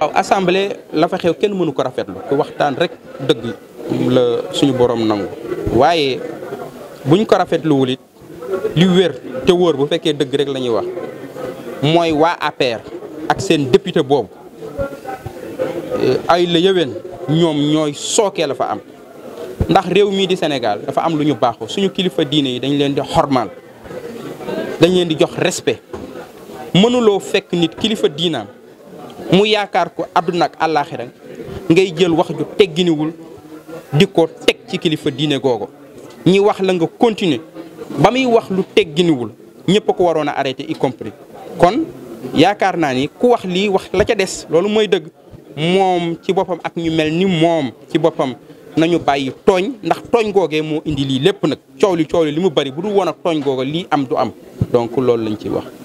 waaw assemblée la fa xew kenn mënu ko rafetlu ku waxtaan rek dëgg suñu boroom nangu waaye buñ ko rafetluwul it li wér te wóor bu fekkee dëgg rek lañuy ñuy wax mooy waa APR ak seen député boobu ay la yëwén ñoom ñooy sookee la fa am ndax réew mii di Sénégal dafa am lu ñu baaxoo suñu kilifa diine yi dañ leen di xormaal dañ leen di jox respect mënuloo fekk nit kilifa diinaam mu yaakaar ko àdduna ak àllaaxira ngay jël wax ju tegginiwul di ko teg ci kilifa diine googo ñi wax la nga continuer ba muy wax lu tegginiwul ñëpp a ko waroon a arrêté y compris kon yaakaar naa ni ku wax lii wax la ca des loolu mooy dëgg moom ci boppam ak ñu mel ni moom ci boppam nañu bàyyi tooñ ndax tooñ googee moo indi lii lépp nag coow li coow li li mu bari bu dul woon ak tooñ googa lii am du am donc loolu lañ ci wax